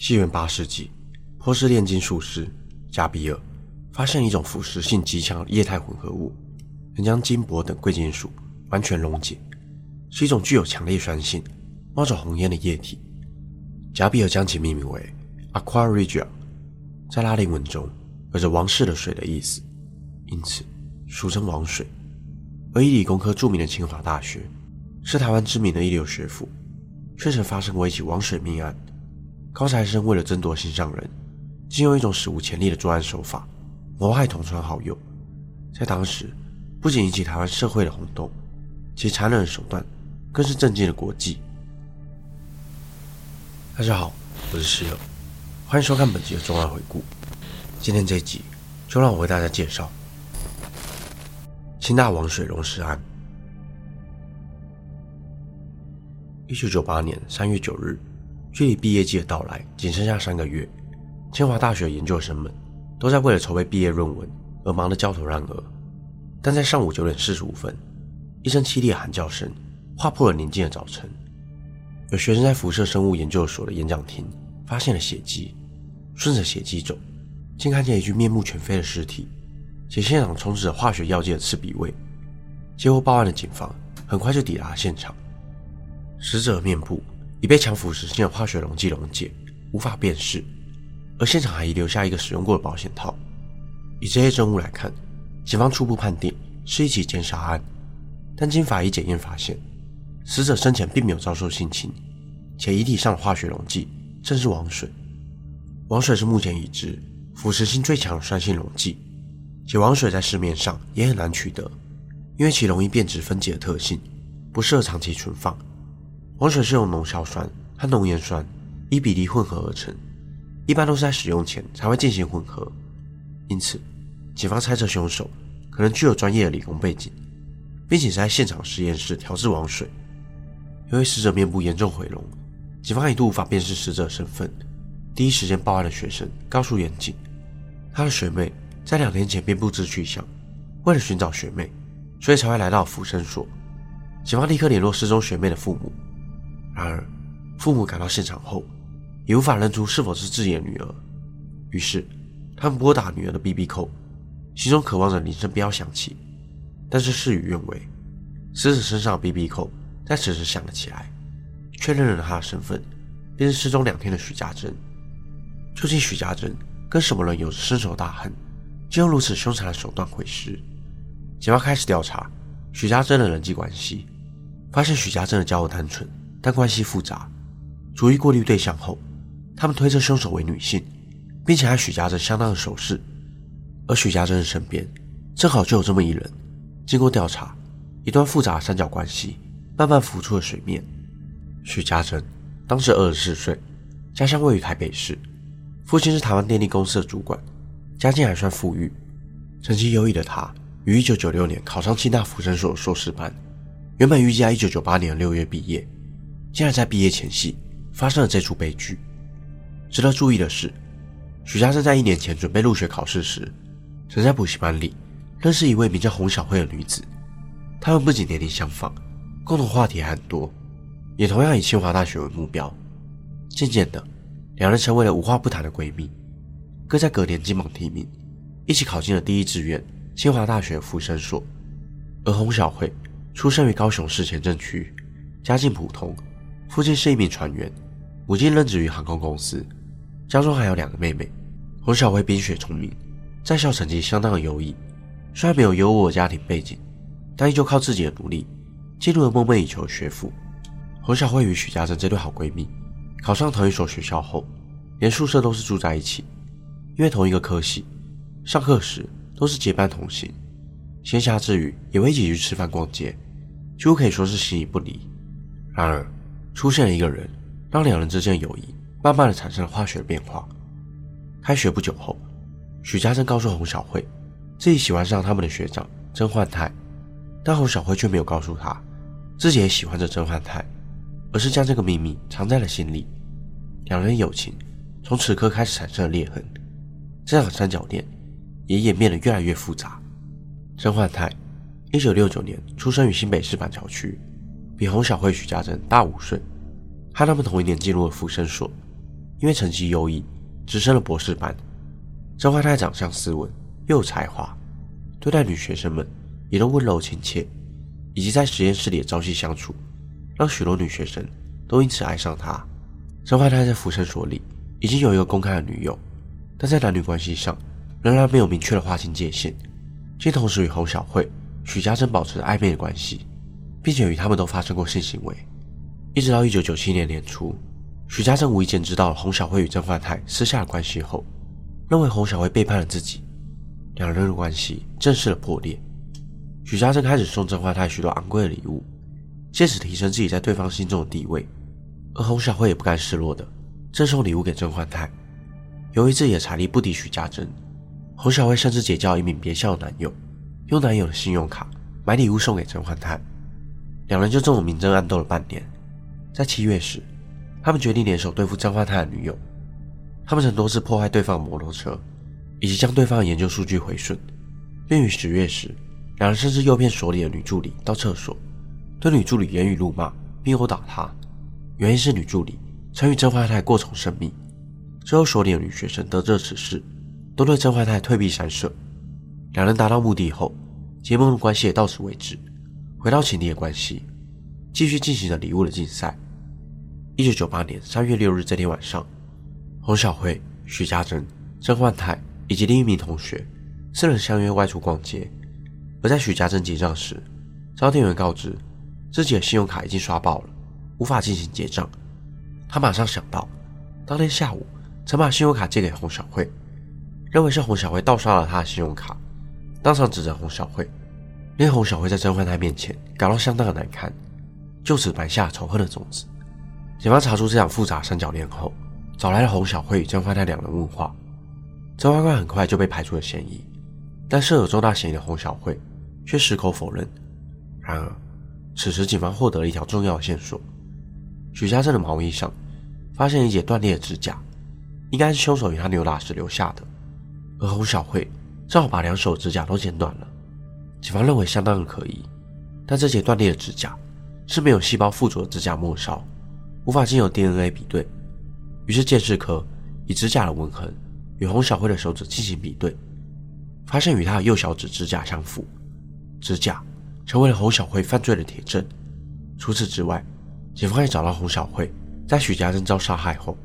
西元八世紀，波斯煉金術師賈比爾發現一種腐蝕性極強的液態混合物，能將金、鉑等貴金屬完全溶解，是一種具有強烈酸性、冒着紅煙的液體。賈比爾將其命名為 “Aqua Regia”，在拉丁文中，有着“王室的水”的意思，因此俗稱“王水”。而以理工科著名的清華大學，是台灣知名的一流學府，卻曾發生過一起王水命案。高材生為了爭奪心上人，竟用一種史無前例的作案手法，謀害同窗好友，在當時不僅引起台灣社會的轟動，其殘忍的手段更是震驚了國際。大家好，我是希爾，歡迎收看本集的重案回顧。今天這集就讓我為大家介紹清大王水溶屍案。一九九八年三月九日。距離畢業季的到來僅剩下三個月，清華大學的研究生們都在為了籌備畢業論文而忙得焦頭爛額。但在上午九點四十五分，一聲淒厲的喊叫聲劃破了寧靜的早晨。有學生在輻射生物研究所的演講廳發現了血跡，順着血跡走，竟看見一具面目全非的屍體，且現場充斥着化學藥劑的刺鼻味。接獲報案的警方很快就抵達了現場，死者面部，已被強腐蝕性的化學溶劑溶解，無法辨識。而現場還遺留下一個使用過的保險套。以這些證物來看，警方初步判定是一起姦殺案。但經法醫檢驗發現，死者生前並沒有遭受性侵，且遺體上的化學溶劑正是王水。王水是目前已知腐蝕性最強的酸性溶劑，且王水在市面上也很難取得，因為其容易變質分解的特性，不適合長期存放。王水是用濃硝酸和濃鹽酸以比例混合而成，一般都是在使用前才會進行混合。因此，警方猜測兇手可能具有專業的理工背景，並且是在現場實驗室調製王水。由於死者面部嚴重毀容，警方一度無法辨識死者身份。第一時間報案的學生告訴員警，他的學妹在兩天前便不知去向。為了尋找學妹，所以才會來到福生所。警方立刻聯絡失蹤學妹的父母。然而，父母趕到現場後，也無法認出是否是自己的女兒。於是，他們撥打女兒的 BB 扣，心中渴望着鈴聲不要響起。但是事與願違，死者身上的 BB 扣在此時響了起來，確認了她的身份，便是失蹤兩天的許家珍。究竟許家珍跟什麼人有着深仇大恨，竟用如此凶殘的手段毀屍？警方開始調查許家珍的人際關係，發現許家珍的交友單純。但關係複雜，逐一過濾對象後，他們推測凶手為女性，並且還許家珍相當的首飾，而許家珍的身邊正好就有這麼一人。經過調查，一段複雜的三角關係慢慢浮出了水面。許家珍當時二十四歲，家鄉位於台北市，父親是台灣電力公司的主管，家境還算富裕。成績優異的他於一九九六年考上清大輻生所碩士班，原本預計在一九九八年六月畢業。竟然在畢業前夕發生了這出悲劇。值得注意的是，許嘉真在一年前準備入學考試時，曾在補習班裡認識一位名叫洪曉慧的女子。她們不僅年齡相仿，共同話題還很多，也同樣以清華大學為目標。漸漸的，兩人成為了無話不談的閨蜜。各在隔年金榜題名，一起考進了第一志願清華大學輻生所。而洪曉慧出生於高雄市前鎮區，家境普通，父親是一名船員，母親任職於航空公司，家中還有兩個妹妹。侯小慧冰雪聰明，在校成績相當的優異。雖然沒有優渥的家庭背景，但依舊靠自己的努力進入了夢寐以求的學府。侯小慧與許家珍這對好閨蜜，考上同一所學校後，連宿舍都是住在一起，因為同一個科系，上課時都是結伴同行，閒暇之餘也會一起去吃飯逛街，幾乎可以說是形影不離。然而，出現了一個人，當兩人之間的友誼慢慢的產生了化學的變化。開學不久後，許家珍告訴洪小慧，自己喜歡上他們的學長甄煥泰，但洪小慧卻沒有告訴他，自己也喜歡着甄煥泰，而是將這個秘密藏在了心裡。兩人友情從此刻開始產生了裂痕，這樣的三角戀也演變得越來越複雜。甄煥泰，一九六九年出生於新北市板橋區。比洪曉慧、許嘉真大五歲，和他們同一年進入了輻生所。因為成績優異，直升了博士班。曾煥泰長相斯文，又有才華，對待女學生們也都溫柔親切，以及在實驗室裡的朝夕相處，讓許多女學生都因此愛上他。曾煥泰在輻生所裡已經有一個公開的女友，但在男女關係上仍然沒有明確的劃清界限，竟同時與洪曉慧、許嘉真保持着曖昧的關係。並且與他們都發生過性行為，一直到一九九七年年初，許嘉真無意間知道了洪曉慧與曾煥泰私下的關係後，認為洪曉慧背叛了自己，兩人的關係正式的破裂。許嘉真開始送曾煥泰許多昂貴的禮物，借此提升自己在對方心中的地位，而洪曉慧也不甘示弱的贈送禮物給曾煥泰。由於自己的財力不敵許嘉真，洪曉慧甚至結交了一名別校的男友，用男友的信用卡買禮物送給曾煥泰。兩人就這麼明爭暗鬥了半年，在七月時，他們決定聯手對付曾煥泰的女友。他們曾多次破壞對方的摩托車，以及將對方的研究數據毀損。並於十月時，兩人甚至誘騙所裡的女助理到廁所，對女助理言語辱罵，並毆打她。原因是女助理曾與曾煥泰過從甚密。之後，所裡的女學生得知此事，都對曾煥泰退避三舍。兩人達到目的後，結盟的關係也到此為止。回到情敵的關係，繼續進行着禮物的競賽。一九九八年三月六日這天晚上，洪小慧、許嘉真、曾煥泰以及另一名同學四人相約外出逛街。而在許嘉真結賬時，遭店員告知自己的信用卡已經刷爆了，無法進行結賬。他馬上想到，當天下午曾把信用卡借給洪小慧，認為是洪小慧盜刷了他的信用卡，當場指着洪小慧。為洪曉慧在曾煥泰面前感到相當的難堪，就此埋下仇恨的種子。警方查出這場複雜的三角戀後，找來了洪曉慧與曾煥泰兩人問話。曾煥泰很快就被排除了嫌疑，但涉有重大嫌疑的洪曉慧卻矢口否認。然而，此時警方獲得了一條重要的線索：許嘉真的毛衣上發現一截斷裂的指甲，應該是凶手與他扭打時留下的。而洪曉慧正好把兩手指甲都剪短了。警方認為相當的可疑，但這節斷裂的指甲是沒有細胞附着的指甲末梢，無法進行 DNA 比對。於是，鑑識科以指甲的吻痕與洪小慧的手指進行比對，發現與她的右小指指甲相符，指甲成為了洪小慧犯罪的鐵證。除此之外，警方也找到洪小慧在許家珍遭殺害後，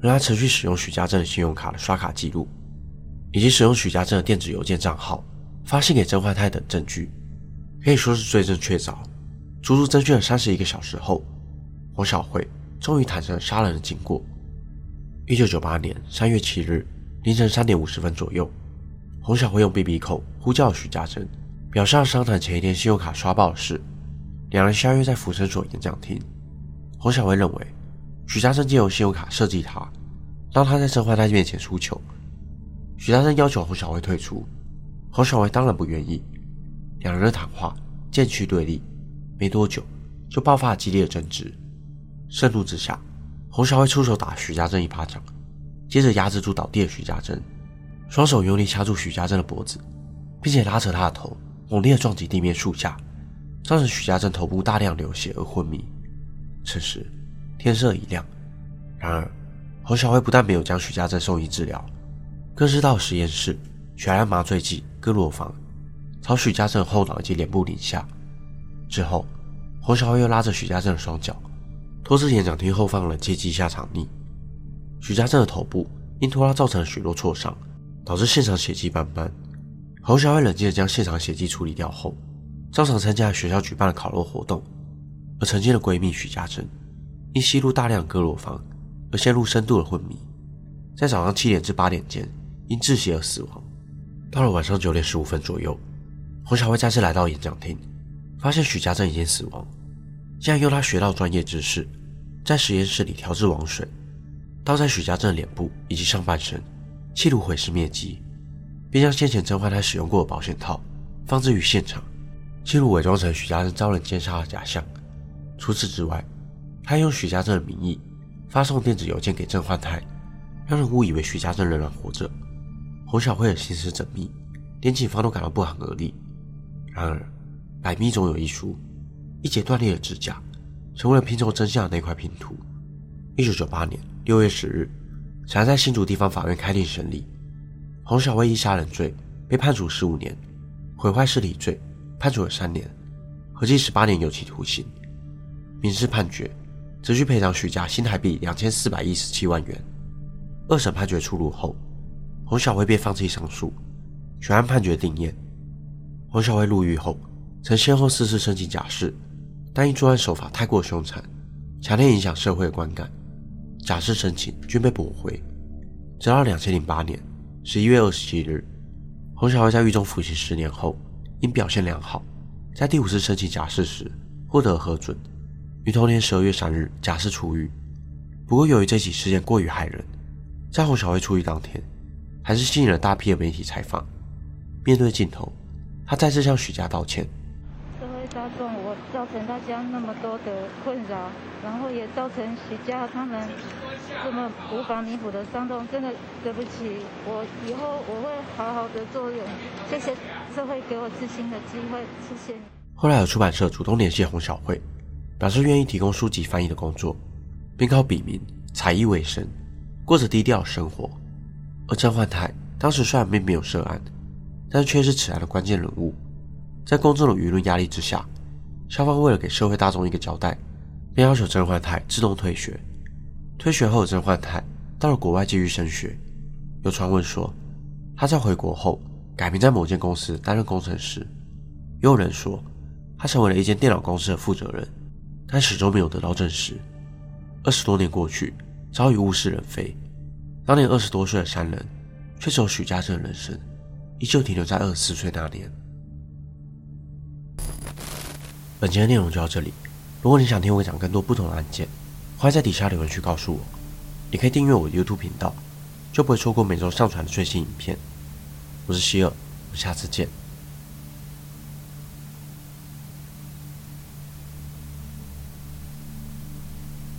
讓她持續使用許家珍的信用卡的刷卡記錄，以及使用許家珍的電子郵件賬號發信給曾煥泰等證據，可以說是罪證確鑿。足足偵訊了三十一個小時後，洪小慧終於坦承了殺人的經過。一九九八年三月七日凌晨三點五十分左右，洪小慧用 BBQ 呼叫許家珍，表示要商談前一天信用卡刷爆的事。兩人相約在撫生所演講廳。洪小慧認為，許家珍借用信用卡設計她，讓她在曾煥泰面前出糗。許家珍要求洪小慧退出。洪曉慧當然不願意，兩人的談話漸趨對立，沒多久就爆發激烈的爭執。盛怒之下，洪曉慧出手打許嘉真一巴掌，接着壓制住倒地的許嘉真，雙手用力掐住許嘉真的脖子，並且拉扯他的頭，猛烈撞擊地面數下，造成許嘉真頭部大量流血而昏迷。此時天色已亮，然而洪曉慧不但沒有將許嘉真送醫治療，更是到實驗室。取來了麻醉劑、哥羅芳朝許嘉真後腦以及臉部擰下之後，洪曉慧又拉着許嘉真的雙腳，拖至演講廳後方的階梯下藏匿。許嘉真的頭部因拖拉造成了許多挫傷，導致現場血跡斑斑。洪曉慧冷靜地將現場血跡處理掉後，照常參加了學校舉辦的烤肉活動。而曾經的閨蜜許嘉真，因吸入大量的哥羅芳而陷入深度的昏迷，在早上七點至八點間因窒息而死亡。到了晚上九點十五分左右，洪小慧再次來到演講廳，發現許家振已經死亡。竟然用他學到專業知識，在實驗室裡調製王水，倒在許家振的臉部以及上半身，企圖毀屍滅跡，並將先前鄭煥泰使用過的保險套放置於現場，企圖偽裝成許家振遭人姦殺的假象。除此之外，他還用許家振的名義發送電子郵件給鄭煥泰，讓人誤以為許家振仍然活着。洪小慧的心思縝密，連警方都感到不寒而栗。然而，百密總有一疏，一截斷裂的指甲，成為了拼湊真相的那塊拼圖。1998年6月10日，此案在新竹地方法院開庭審理。洪小慧以殺人罪被判處十五年，毀壞屍體罪判處了三年，合計十八年有期徒刑。民事判決，只需賠償許家新台幣兩千四百一十七萬元。二審判決出爐後。洪曉慧便放棄上訴，全案判決定讞。洪曉慧入獄後，曾先後四次申請假釋，但因作案手法太過凶殘，強烈影響社會的觀感，假釋申請均被駁回。直到兩千零八年十一月二十七日，洪曉慧在獄中服刑十年後，因表現良好，在第五次申請假釋時獲得了核准，於同年十二月三日假釋出獄。不過，由於這起事件過於駭人，在洪曉慧出獄當天。還是吸引了大批的媒體採訪。面對鏡頭，他再次向許家道歉：“各位大眾，我造成大家那麼多的困擾，然後也造成許家他們這麼無法彌補的傷痛，真的對不起。我以後我會好好的做人。」謝謝社會給我自新的機會，謝謝。”後來有出版社主動聯繫洪小慧，表示願意提供書籍翻譯的工作，並靠筆名才藝為生，過着低調生活。而曾煥泰當時雖然並沒有涉案，但是卻是此案的關鍵人物。在公眾的輿論壓力之下，校方為了給社會大眾一個交代，便要求曾煥泰自動退學。退學後，曾煥泰到了國外繼續升學。有傳聞說，他在回國後改名，在某間公司擔任工程師。有，有人說，他成為了一間電腦公司的負責人，但始終沒有得到證實。二十多年過去，早已物是人非。當年二十多歲的三人，卻只有許家珍的人生，依舊停留在二十四歲那年。本集的內容就到這裡。如果你想聽我講更多不同的案件，歡迎在底下留言區告訴我。你可以訂閱我的 YouTube 頻道，就不會錯過每周上傳的最新影片。我是希爾，我們下次見。